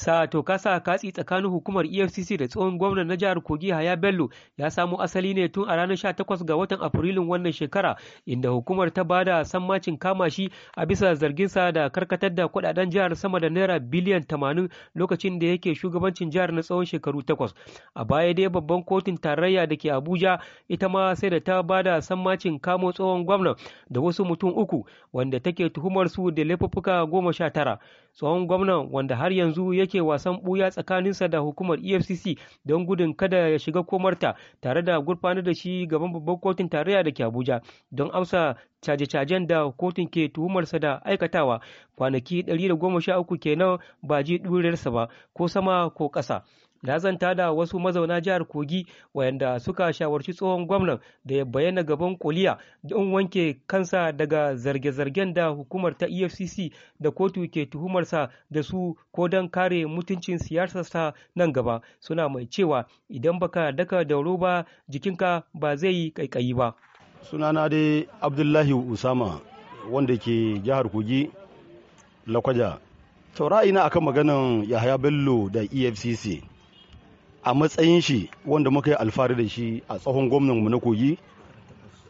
sa kasa katsi tsakanin hukumar EFCC da tsohon gwamnan na jihar Kogi Haya Bello ya samo asali ne tun a ranar 18 ga watan Afrilun wannan shekara inda hukumar ta bada sammacin kama shi a bisa zarginsa da karkatar da kudaden jihar sama da naira biliyan 80 lokacin da yake shugabancin jihar na tsawon shekaru takwas. A baya dai babban kotun tarayya da ke Abuja ita ma sai da ta bada sammacin kamo tsohon gwamnan da wasu mutum uku wanda take tuhumar su da laifuffuka goma sha tara. Tsohon gwamnan wanda har yanzu yake yake wasan buya tsakaninsa da hukumar efcc don gudun kada ya shiga komarta tare da gurfanar da shi gaban babban kotun tarayya da ke abuja don amsa caje-cajen da kotun ke tuhumarsa da aikatawa kwanaki 113 kenan ba ji ɗurirsa ba ko sama ko ƙasa na zanta da wasu mazauna jihar kogi wayanda suka shawarci tsohon gwamnan da ya bayyana gaban koliya don wanke kansa daga zarge-zargen da hukumar ta efcc da kotu ke tuhumarsa da su ko don kare mutuncin siyasarsa nan gaba suna mai cewa idan baka daka da ba jikinka ba zai yi kaikayi ba sunana dai abdullahi usama wanda ke jihar kogi lakwaja to ra'ayina akan maganin yahaya bello da efcc a matsayin shi wanda muka yi alfahari da shi a tsohon gwamnan mu na kogi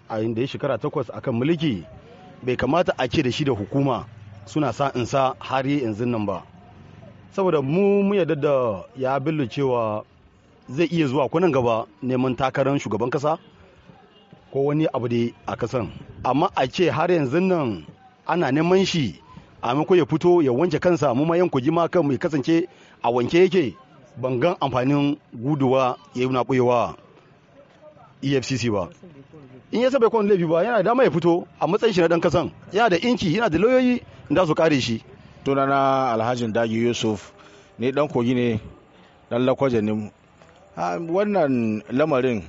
a inda ya shekara takwas a kan mulki bai kamata a ce da shi da hukuma suna sa in sa har yi yanzu nan ba saboda mu mu yarda da ya billu cewa zai iya zuwa kunan gaba neman takarar shugaban kasa ko wani abu da a kasan amma a ce har yanzu nan ana neman shi a ya fito ya wanke kansa mu ma yan kogi ma kan mai kasance a wanke yake ban gan amfanin guduwa ya yi ɓoyewa efcc ba in ya saba kwan laifi ba yana da dama ya fito a matsayin shi na dan kasan yana da inki yana da lauyoyi da su kare shi na alhajin dagi yusuf ne dan kogi ne dan lakwaje ne wannan lamarin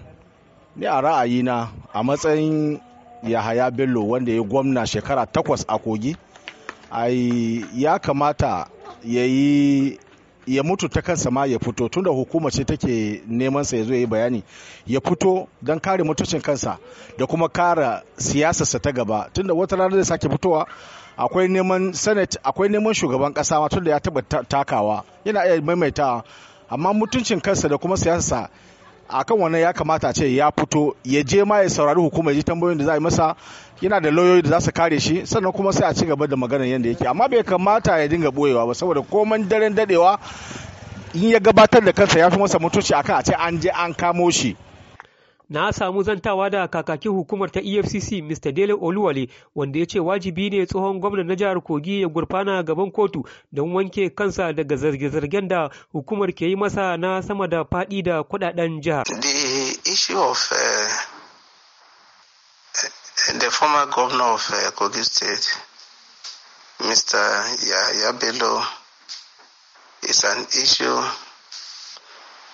ne a ra'ayina a matsayin yahaya bello wanda ya gwamna shekara takwas a kogi ai ya kamata ya yi ya mutu ta kansa ma ya fito tunda hukuma ce take neman sa ya zo yi bayani ya fito don kare mutuncin kansa da kuma kara siyasarsa ta gaba tunda wata rana zai sake fitowa akwai neman senate akwai neman shugaban kasa ma tunda ya taba takawa yana iya maimaitawa amma mutuncin kansa da kuma siyasarsa akan wannan ya kamata ce ya fito ya je ma ya saurari hukumar ji tambayoyin da za yi masa yana da lauyoyi da za su kare shi sannan kuma sai a ci gaba da maganar yadda yake amma bai kamata ya dinga boyewa ba saboda komai daren dadewa in ya gabatar da kansa ya fi masa mutunci akan a ce an je an kamo shi na samu zantawa da kakakin hukumar ta efcc mr dele oluwale wanda ya ce wajibi ne tsohon gwamnan na jihar kogi ya gurfana gaban kotu don wanke kansa daga zarge-zargen da hukumar ke yi masa na sama da faɗi da kuɗaɗen jihar the issue of uh, uh, the former governor of uh, kogi state mr yahya bello is an issue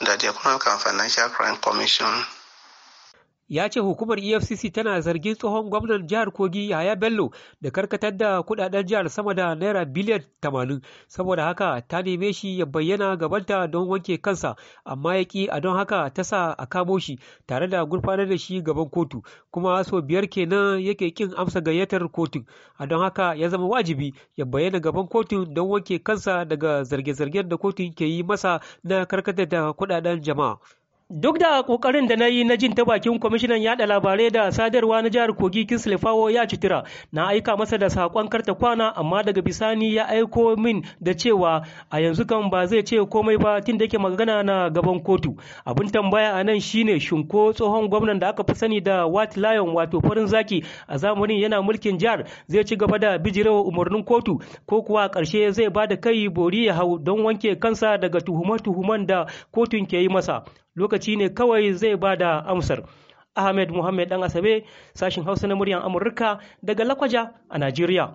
that the economic and financial crime commission ya ce hukumar efcc tana zargin tsohon gwamnan jihar kogi yaya bello da karkatar da kudaden jihar sama da naira biliyan tamanin saboda haka ta neme shi ya bayyana gabanta don wanke kansa amma ya ki a don haka ta sa a kamo shi tare da gurfanar da shi gaban kotu kuma sau biyar kenan yake kin amsa gayyatar kotun a don haka ya zama wajibi ya bayyana gaban kotun don wanke kansa daga zarge-zargen da kotun ke yi masa na karkatar da kudaden jama'a Duk da kokarin da na yi na jin ta bakin kwamishinan yada labarai da sadarwa na jihar Kogi Kislefawo ya citira, na aika masa da sakon karta kwana amma daga bisani ya aiko min da cewa a yanzu kan ba zai ce komai ba tun da yake magana na gaban kotu. Abin tambaya a nan shine shin tsohon gwamnan da aka fi sani da Wat Lion wato farin zaki a zamanin yana mulkin jihar zai ci gaba da bijirewa umarnin kotu ko kuwa karshe zai ba da kai bori ya hau don wanke kansa daga tuhume tuhuman da kotun ke yi masa. lokaci ne kawai zai ba da amsar ahmed muhammed dan asabe sashin hausa na muryan amurka daga lakwaja a najeriya